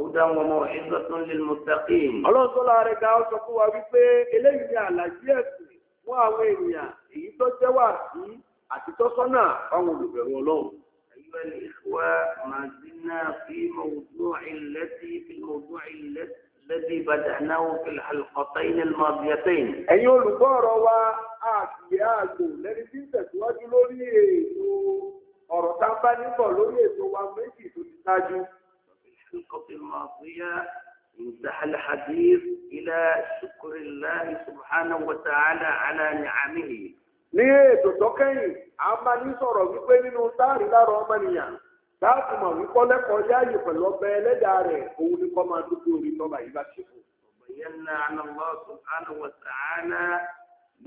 وهدى وموعظة للمتقين الله تعالى رجع وسقوا ويبي إليه على جيسي وعوين ènìyàn èyí tó jẹ́ wà sí àti tọ́sọ́nà fáwọn olùbẹ̀rù ọlọ́run. أيها الإخوة ما زلنا في موضوع التي في الموضوع الذي بدأناه في الحلقتين الماضيتين. ẹ̀yin olùgbọ́ ọ̀rọ̀ wa àgbẹ̀ àgbò lẹ́ni tí ń tẹ̀síwájú lórí ètò ọ̀rọ̀ tá a bá níbọ̀ lórí ètò wa méjì tó ti ṣáájú. في القصر الماضية انتهى الحديث إلى شكر الله سبحانه وتعالى على نعمه ليه توكي أما نصر ويقول نصر إلى رومانيا تاكما ويقول قول يأي فلوبة لداري قولي كما تقولي طبعا يبشفه وبينا عن الله سبحانه وتعالى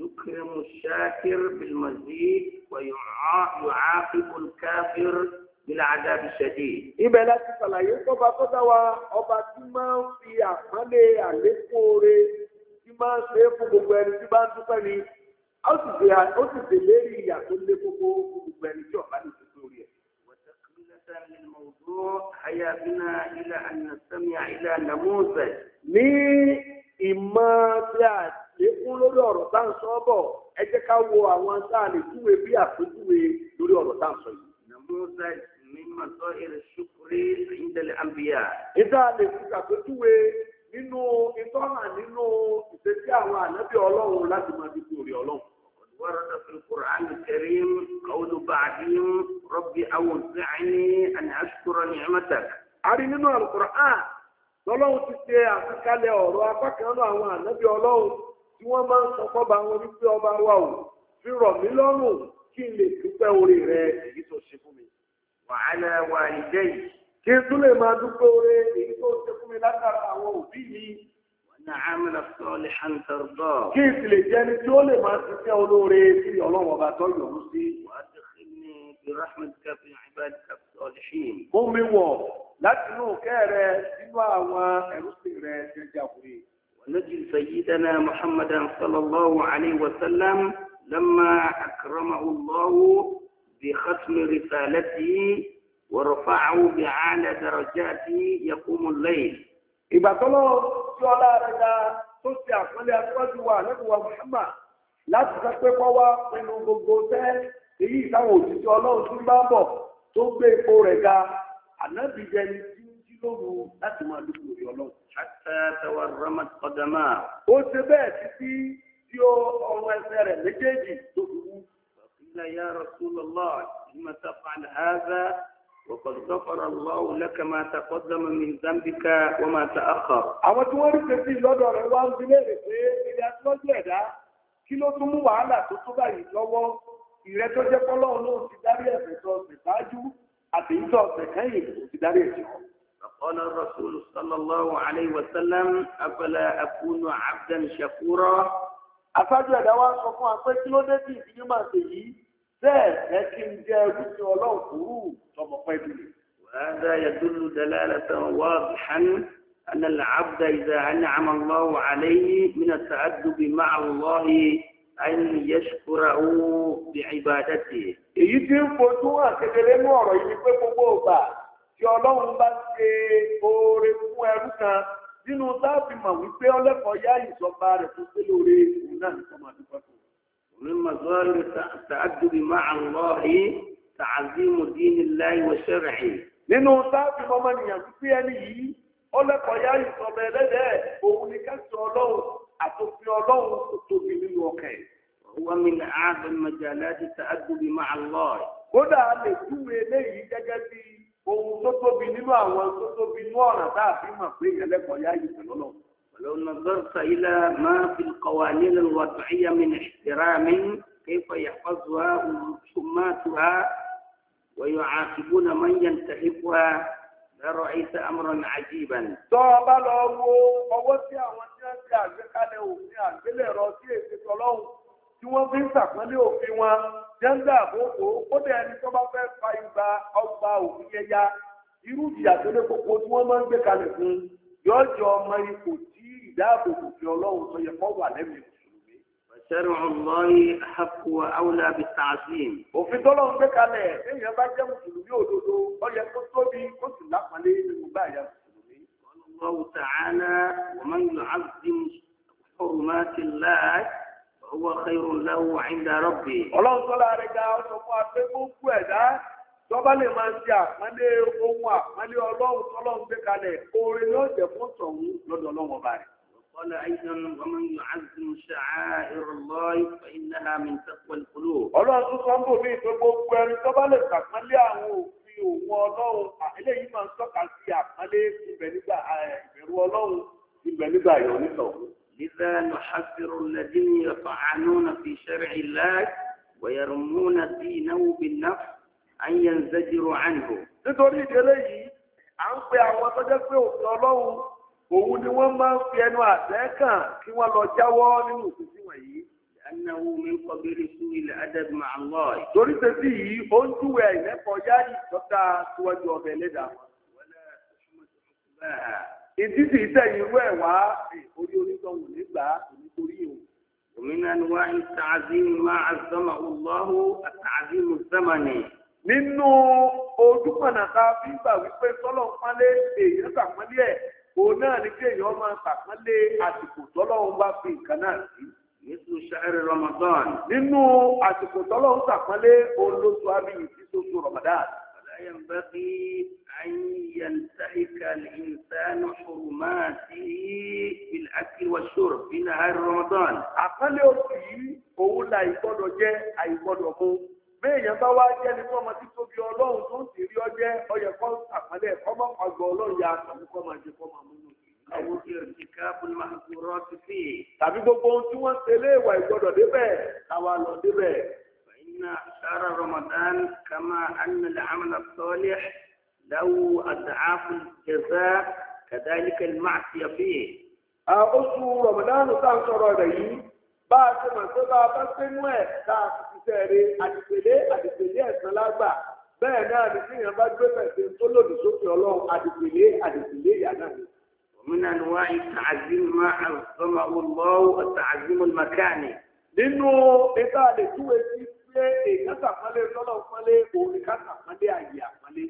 يكرم الشاكر بالمزيد ويعاقب الكافر nílẹ̀ adáàbí ibẹ̀ láti ṣàlàyé tọ́ba tọ́jà wa ọba tí máa ń fi àpọ́nlé àlékún oore tí máa ń ṣe é fún gbogbo ẹni tí bá ń dúpẹ́ ni ó sì lérí ìyà tó lé gbogbo gbogbo ẹni tí ọ̀bá lè tó lórí ní ìmọ̀ tí a lékún lórí ọ̀rọ̀ tá à ń sọ bọ̀ ẹ jẹ́ ká wo àwọn tá a lè bí lórí ọ̀rọ̀ tá mímọ̀ sọ èrè ṣùkúrí ìdẹ̀lẹ̀ àmbíyà. ìdá lè fi ṣàpèjúwe nínú ìtọ́nà nínú ìṣesí àwọn ànábì ọlọ́run láti máa fi kúrò rí ọlọ́run. ورد في القرآن الكريم قول بعدهم ربي أوزعني أن أشكر نعمتك. àrí nínú alukur'an lọ́lọ́run ti ṣe àkàkalẹ̀ ọ̀rọ̀ apá kan náà àwọn ànábì ọlọ́run tí wọ́n máa ń sọ fọ́ba wọn wípé ọba wa ò fi rọ̀ mí lọ́rùn kí n lè dúpẹ́ orí rẹ èyí tó ṣe fún mi wàhálà wà ìdẹ́ yìí kí n tún lè máa dúpẹ́ oore èyí tó ṣe fún mi látara àwọn òbí mi. wọ́n á mìíràn sọ lè hàn tọ́rọ̀. kí n sì lè jẹ́ ni tí ó lè máa ṣiṣẹ́ olóore sí ọlọ́run ọba tó yọ̀ọ́ sí. wàá dẹ̀kẹ́ ní ìrọ́hàmẹ́dìkà fún ìbáraẹ̀dìkà sọ̀lẹ́hìn. ó mi wọ̀ láti inú òkè rẹ nínú àwọn ẹrúsìn rẹ jẹjàkúrẹ́. ونجد سيدنا محمدا صلى الله عليه وسلم لما أكرمه الله في ختم رسالته ورفعه بأعلى درجاته يقوم الليل إذا طلعوا سؤالا رجاء تسعى فلي أسواج وعنده محمد لا تسكت قوى من غوغوتة èyí táwọn òṣìṣẹ́ ọlọ́run tún bá bọ̀ tó gbé epo rẹ̀ ga ànábì jẹni tí ń jí lóru láti máa dúpọ̀ òye ọlọ́run. àtàtàwà ramat ọ̀dàmà. ó ṣe bẹ́ẹ̀ títí tí ọrùn ẹsẹ̀ rẹ̀ méjèèjì tó fi wú. قلنا يا رسول الله لم تفعل هذا وقد غفر الله لك ما تقدم من ذنبك وما تأخر àwọn tí wọ́n rí pé bíi lọ́dọ̀ rẹ̀ wá ń bi léèrè pé ilé atúwọ́jú ẹ̀dá kí ló tún mú wàhálà tó tó báyìí lọ́wọ́ ìrẹ́ tó jẹ́ kọ́lọ́run ló ti darí ẹ̀sẹ̀ tó ọ̀sẹ̀ ṣáájú àti ìtọ́ ọ̀sẹ̀ kẹ́yìn ló ti darí ẹ̀sẹ̀ wọn. فقال الرسول صلى الله عليه وسلم أفلا أكون عبدا شكورا. afájú ẹ̀dá wa sọ fún wa pé kí ló dé tí ìdílé máa ṣe yìí bẹ́ẹ̀ fẹ́ kí n jẹ́ ẹrúsí ọlọ́run kúrú tọmọ pẹ́ bí. وهذا يدل دلالة واضحا أن العبد إذا أنعم الله عليه من التأدب مع الله أن يشكره بعبادته. èyí tí ń fojú hàn kedere ní ọ̀rọ̀ yìí pé gbogbo ọgbà tí ọlọ́run bá ṣe oore fún ẹrú kan nínú táàbì mọ̀ wípé ọlẹ́kọ̀ọ́ yá ìjọba rẹ̀ tó gbé lóore òun náà ní sọ́mọ́ àdúgbò tó. من مظاهر التأدب مع الله تعظيم دين الله وشرعه nínú sáàfì mọ́mọ́ nìyàn pípé ẹni yìí ó lẹ́kọ̀ọ́ yá ìsọ̀bẹ̀ ẹlẹ́dẹ̀ òun ni kẹ́sì ọlọ́run àtòfin ọlọ́run tó tóbi nínú ọkẹ́. wọ́n mi ní ààbẹ̀ mẹjàlá ti ta àdúgbò máa lọ. kódà a lè túwèé léyìí gẹ́gẹ́ bí ohun tó tóbi nínú àwọn tó tóbi nínú ọ̀ràn tá a fi mọ̀ pé ìyẹn lẹ́kọ̀ọ́ yá ìsọ̀lọ́lọ́run. ولو نظرت إلى ما في القوانين الوضعية من احترام كيف يحفظها حماتها ويعاقبون من ينتهكها لرأيت أمرا عجيبا. tí àwọn fi ń sàpọ́nlé òfin wọn jẹ́ńdà àbókò ó dẹ̀ ẹni tó bá fẹ́ fa ìgbà ọgbà òfin yẹn irú ìyà tó tí wọ́n máa ń gbé kalẹ̀ fún yọ̀ọ́jọ́ ọmọ ipò ìdáàbòbò fi ọlọ́run tó yẹ kọ́ wà lẹ́mìí mùsùlùmí. ṣẹ́rù ọlọ́yí àpò àwùlà bíi tààzìm. òfin tọ́lọ́ ń gbé kalẹ̀ èèyàn bá jẹ́ mùsùlùmí òdodo ó yẹ kó tóbi kó sì lápàlẹ́ nínú báyà mùsùlùmí. Allahu ta'ala wa man yu'azzim hurumati Allah huwa khayrun lahu 'inda rabbih. ọlọ́run tọ́lá rẹ̀ ga ọ̀sọ̀ fún agbẹ́gbógún ẹ̀dá tọ́ba lè máa ṣe àpọ́nlé ohun àpọ́nlé ọlọ́run tọ́lọ́run gbé kalẹ̀ oore ni ó jẹ́ fún tọ̀hún lọ́dọ̀ ọlọ́run ọba rẹ̀. قال أيضا ومن يعظم شعائر الله فإنها من تقوى القلوب ọlọ́run tó sọ ń bò mí pé gbogbo ẹni tó bá lè ṣàpọ́nlé àwọn òfin òun ọlọ́run eléyìí máa ń tọ́ka sí àpọ́nlé ibẹ̀ nígbà ìbẹ̀rù ọlọ́run ibẹ̀ nígbà ìrọ̀ nítọ̀hún. لذا نحذر الذين يطعنون في شرع الله ويرمون دينه بالنفس أن ينزجروا عنه. nítorí ìdílé yìí à ń pe àwọn tó jẹ́ pé òfin ọlọ́run òun ni wọ́n máa ń fi ẹnu àtẹ́ kàn kí wọ́n lọ jáwọ́ nínú òṣìṣẹ́ wọ̀nyí. Annahu min qabili suwi ma Allah. Torí tẹ̀sí yìí, ó ń júwe àìlẹ́kọ̀ọ́ ìjọta síwájú ọbẹ̀ ẹlẹ́dà. Ìdíjì ìtẹ̀yìn irú wá orí onítọ̀hún nígbà nítorí òun. Òmìnira ni wá ń ta'zim máa àzọ́mà Allahu àtàzím zamani. Nínú fi gbà wípé òun náà ni kí èèyàn máa ṣàpọ́nlé àsìkò tọ́lọ́run bá fi nǹkan náà sí. Yéṣu ṣẹ́rẹ̀ Ramadan. Nínú àsìkò tọ́lọ́run ṣàpọ́nlé òun ló sọ abiyì sí sóṣù Ramadan. Wàlá yẹn bá bí àyíyàntà ìkàlẹ̀ ìsánú ṣòrùmáàtì ìlàkì wa ṣòro bí náà Ramadan. Àpọ́nlé oṣù yìí òun là ìgbọ́dọ̀ jẹ́ àìgbọ́dọ̀ mú béèyàn bá wá jẹ́ ní fọ́mọ tí tóbi ọlọ́run tó ń tèrí ọjẹ́ ọyẹ kọ́ àpẹẹlẹ ọmọ ọgbọ ọlọ́run ya àtàwọn kọ́ máa jẹ kọ́ máa múnú. àwọn tí o ti ká bó máa kú rọ ti fi. tàbí gbogbo ohun tí wọ́n ń tẹ̀lé ìwà ìgbọ́dọ̀ débẹ̀ káwa lọ débẹ̀. ìnà sára Ramadan kama anil amala sọlẹ lawu adaafu jẹsà kadalika ilmaasi yafi. oṣù Ramadan sáà sọ̀rọ̀ rẹ̀ yìí bá a ṣe mọ̀ pé bá a bá sínú ẹ̀ tá a ti ṣiṣẹ́ rẹ àdìpèlé àdìpèlé ẹ̀sán lágbà bẹ́ẹ̀ náà ni tí èèyàn bá gbé pẹ̀sẹ̀ tó lòdì sókè ọlọ́run àdìpèlé àdìpèlé ìyá náà ni. ومن أنواع التعظيم ما عظمه الله التعظيم المكاني. nínú ìta lè tú etí pé ìkásàpọ́nlé tọ́lọ̀ pọ́nlé òun ìkásàpọ́nlé àyè àpọ́nlé.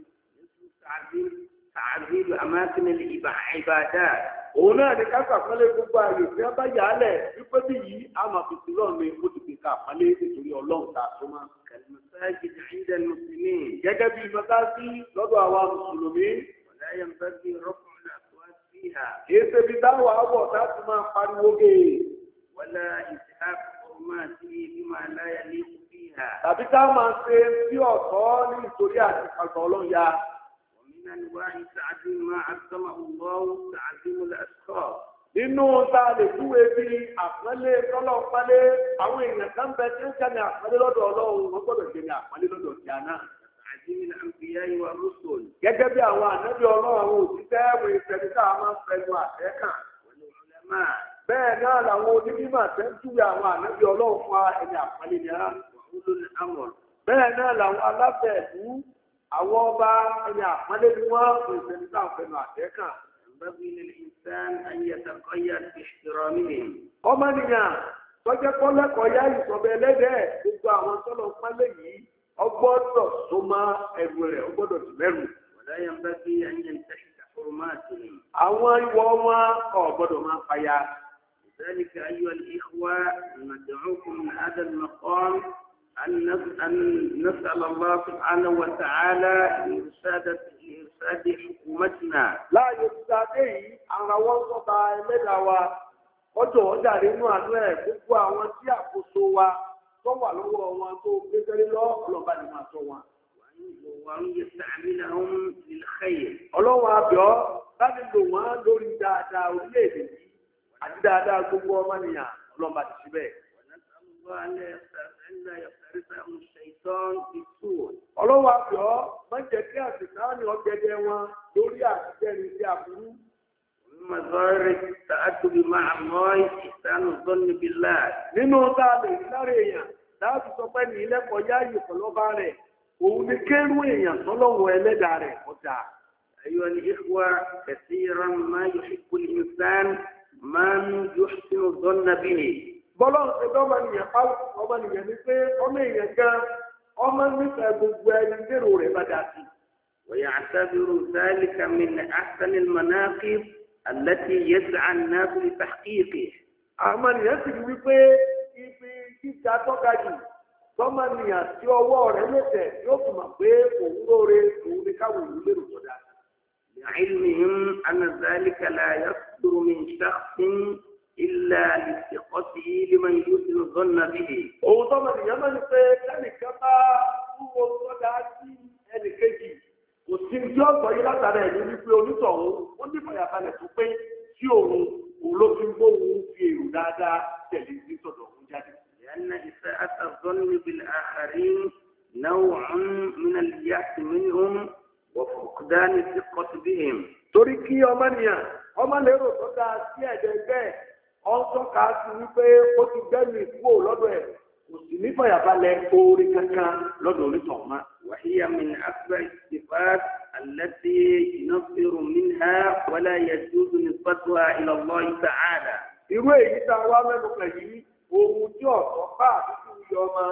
تعذيب أماكن العبادات òun náà ni káàkiri àpọ́nlé gbogbo ààyè tí wọ́n bá yà á lẹ̀ wípé bí yìí a máa fi sílọ̀ ní olùgbé ká àpọ́nlé nítorí ọlọ́run tá a tó máa. kàlùmọ́sáàjì ìdílé mùsùlùmí gẹ́gẹ́ bí mọ́sáàjì lọ́dọ̀ àwa mùsùlùmí. ọ̀dà yẹn bá bí rọ́pùn náà tó wá sí ìhà. kì í táwọn àwọ̀ tá a ti máa pariwo gè. wọ́lá ìṣẹ́ àkọ́kọ́ máa ti ní máa من أنواع تعظيم ما عظمه الله تعظيم الأشخاص inú tá a lè túwe bí àpọ́nlé tọ́lọ̀ pálé àwọn èèyàn kan bẹ tí ó jẹ́ ní àpọ́nlé lọ́dọ̀ ọlọ́run wọ́n gbọ́dọ̀ jẹ́ ní àpọ́nlé lọ́dọ̀ ti àná. gẹ́gẹ́ bí àwọn ànábì ọlọ́run a máa ń fẹnu àtẹ́ kàn. àwọn ọba ẹni àpọ́nlé ni wọ́n kò ṣe nígbà pẹ̀lú àtẹ́kà ìgbàgbé ilé ìsán ayẹtẹkọyà ti ṣèrọ nílé. ọmọ nìyàn tọ́jẹ́ kọ́lẹ́kọ̀ọ́ yá ìsọ̀bẹ ẹlẹ́dẹ̀ẹ́ gbogbo àwọn tọ́lọ̀ pálẹ̀ yìí ọgbọ́dọ̀ tó má ẹrù rẹ̀ ọgbọ́dọ̀ tó mẹ́rù. ọ̀dà yẹn bá bí ẹyẹ ń tẹ̀sí أن نسأل الله سبحانه وتعالى إرشاد إرشاد حكومتنا لا يرشادي أنا وصلت إلى ọjọ́ ọjàre inú àdúrà ẹ̀ gbogbo àwọn tí àkóso wa tó wà lọ́wọ́ wọn tó gbé sẹ́rí lọ́ọ̀lọ́ba ni máa tọ́ wọn. ọlọ́wọ́ abẹ́ọ́ láti lò wọ́n lórí dáadáa orílẹ̀-èdè yìí àti dáadáa gbogbo ọmọnìyàn ọlọ́ba ti ṣe Ọlọ́wọ́ àbíọ́ máa jẹ́ kí àṣìká ní ọ̀gẹ̀dẹ̀ wọn lórí àṣìjẹ́rin sí àbúrú. Mọ̀sọ́rẹ́ tààtùbí máa mọ́ ìsànù tó níbi láà. Nínú táà lè lára èèyàn láti sọ pé ní rẹ̀, òun ni èèyàn tọ́lọ́wọ́ ẹlẹ́dà rẹ̀ ọjà. Ayọ̀ ni kẹsí ìran máa máa ń sínú bọ́lá ẹgbẹ́ ọmọ nìyẹn pa ọmọ nìyẹn ni pé ọmọ èèyàn gan ọmọ nífẹ̀ẹ́ gbogbo ẹni lérò rẹ̀ bá dà sí. wòye àtàbírù sáàlì kàmínà àtàlì mọ̀nàkì àlẹ́tì yẹsẹ̀ ànábì tàkìkì. àmọ́ nìyẹn sì wípé ibi gíga tọ́ka jù tọ́mọ nìyẹn tí ọwọ́ rẹ̀ lẹ́sẹ̀ yóò fún ma pé òun lóore òun ni káwọn òun lérò tó dà. لعلمهم أن ذلك لا يصدر من شخص ilà ìṣèkọ́sí lima yóò ti zọ́n na bí i. òun tó máa nìyẹn máa ń pẹ́ ẹnìkan bá wúwo sọ́dà sí ẹnìkejì kò sí ní ọ̀sọ̀ yìí látara ẹ̀ ní wípé onítọ̀hún ó ní ìfọ̀yàbalẹ̀ tó pé tí òun òun ló fi ń gbóhùn fi èrò dáadáa tẹ̀lé sí sọ̀dọ̀ òun jáde. ìyáná ìfẹ́ àtàzọ́n níbi àárí náà ń ọ̀ńtọ́ka sí wípé ó ti gbẹ́mí kúrò lọ́dọ̀ ẹ̀ kò sì ní fàyàbalẹ̀ oore kankan lọ́dọ̀ onítọ̀ ma. wàhíyà mi ní asra ìsìfà alẹ́tí iná fèrò mi ní ha wọlé ayé tí ó ní pàtó ìlọ́lọ́ ìta àdá. irú èyí tá a wá mẹ́nu kàn yìí ohun tí ọ̀sọ́ bá àdúgbò yọ ọmọ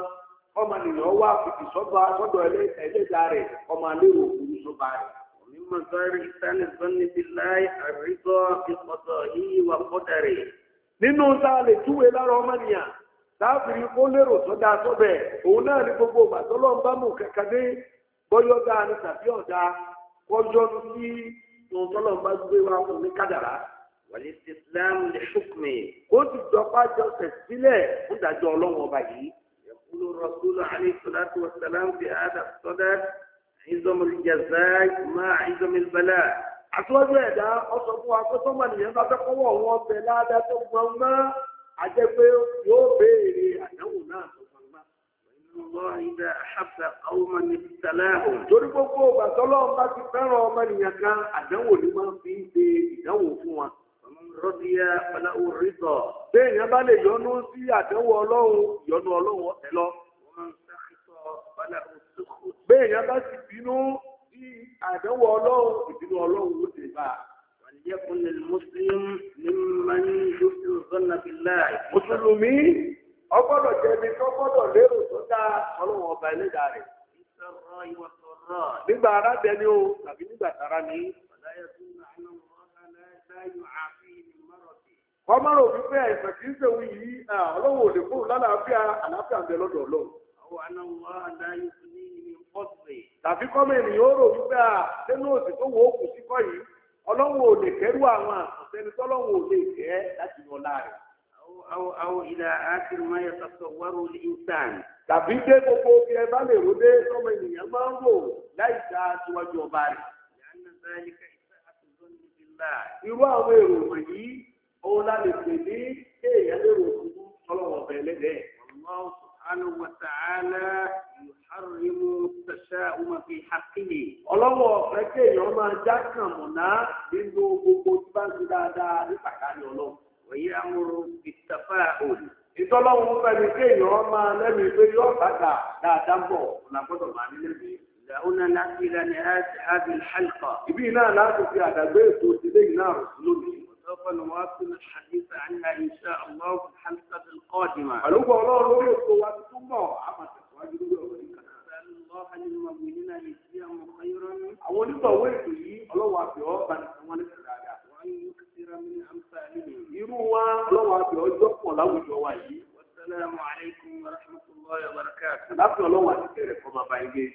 ọmọ nìyẹn wá fìdí sọ́gbà sọ́dọ̀ ẹlẹ́dà rẹ̀ ọmọ alérò òkúrú sọ́gbà rẹ̀. ومن مصاري إحسان الظن بالله الرضا بقضائه وقدره nínú sáà lè túwé lára ọmọ nìyàn láàfin kó lérò tó dáa tó bẹ̀ òun náà ní gbogbo ìgbà tó lọ́n bá mú kankan dé bọ́yọ́ dáa ní tàbí ọ̀dà kọjọ́ sí ohun tó lọ́n bá gbé wa kò ní kádàrá wàlẹ́ islam lè ṣùkùnmí kó ti jọpá jọ tẹ̀sílẹ̀ fún ìdájọ́ ọlọ́wọ́n ọba yìí. يقول الرسول عليه الصلاة والسلام في هذا الصدد عظم الجزاء مع عظم البلاء àtúwájú ẹ̀dá ọsọ fún wa pé sọ́mọ nìyẹn bá fẹ́ kọ́wọ́ wọn bẹ ládàá tó gbọ́n mọ́ àjẹ́ pé yóò béèrè àdánwò náà tó gbọ́n mọ́. Allah ìdá àṣàbà ọmọ ní ìtàlẹ́hùn. Torí gbogbo ọgbà tọ́lọ́run bá ti fẹ́ràn ọmọ nìyẹn kan àdánwò ni máa fi ń ṣe ìdánwò fún wa. Rọ́díyà pẹ̀lú orítọ̀. Bẹ́ẹ̀ yẹn bá lè yọnu sí àdánwò ọlọ́run, ìyọnu àdánwò ọlọ́run ìdúró ọlọ́run ó ti bá wàlíyẹ́kùn ní mùsùlùm ní mmanú yóò sọ́nà mùsùlùmí ọgbọ́dọ̀ jẹ̀bi tó gbọ́dọ̀ lérò tó ọlọ́run ọba ẹlẹ́dàá rẹ̀. nígbà arábẹ́ o tàbí nígbà tara ni. wípé kì í yìí ọlọ́run ò lè lálàáfíà àlàáfíà ń bẹ lọ́dọ̀ ọlọ́run. àwọn àna wọn adáyé tàbí kọ́mọ ènìyàn rò wípé à sẹ́nu òsì tó wò ó kù síkọ́ yìí ọlọ́wọ́ ò lè kẹ́rù àwọn àtọ̀sẹ́ni tọ́lọ́wọ́ ò lè jẹ́ láti yọ láàrin. àwọn àwọn ìlà àkìrìmọ́ yẹn sọ̀tọ̀ wárò ìsàn. tàbí dé gbogbo ẹ bá lè dé sọmọ ènìyàn máa ń rò láì síwájú ọba harimu tasha'uma fi haqqi. ọlọ́wọ́ ọ̀fẹ́ kéèyàn máa já kàn mọ̀nà nínú gbogbo tí bá ń ṣe dáadáa ní pàtàkì ọlọ́run. òye amúru ìtàfà òòlù. ìtọ́lọ́wọ́ fẹ́mi kéèyàn máa lẹ́mìí pé yóò bàtà dáadáa bọ̀ làgbọ́dọ̀ máa ní lẹ́mìí. دعونا نصل نهاية هذه الحلقة. يبينا لا في عدبيت وتدين نار سلومي. وسوف نواصل الحديث عنها إن شاء الله في الحلقة القادمة. ألوك الله لو يقوى ثم عمت àwọn onígbàwọ́ ètò yìí ọlọ́wọ́ àbẹ̀wọ́ balẹ̀ fún wọn lẹ́sẹ̀ dáadáa. irú wa ọlọ́wọ́ àbẹ̀wọ́ jọ́pọ̀ láwùjọ wa yìí. wàsálàmù alaykum wa rahmatulahi wa ọlọ́wọ́ àti tẹ̀rẹ̀ kọ́ bàbá yìí.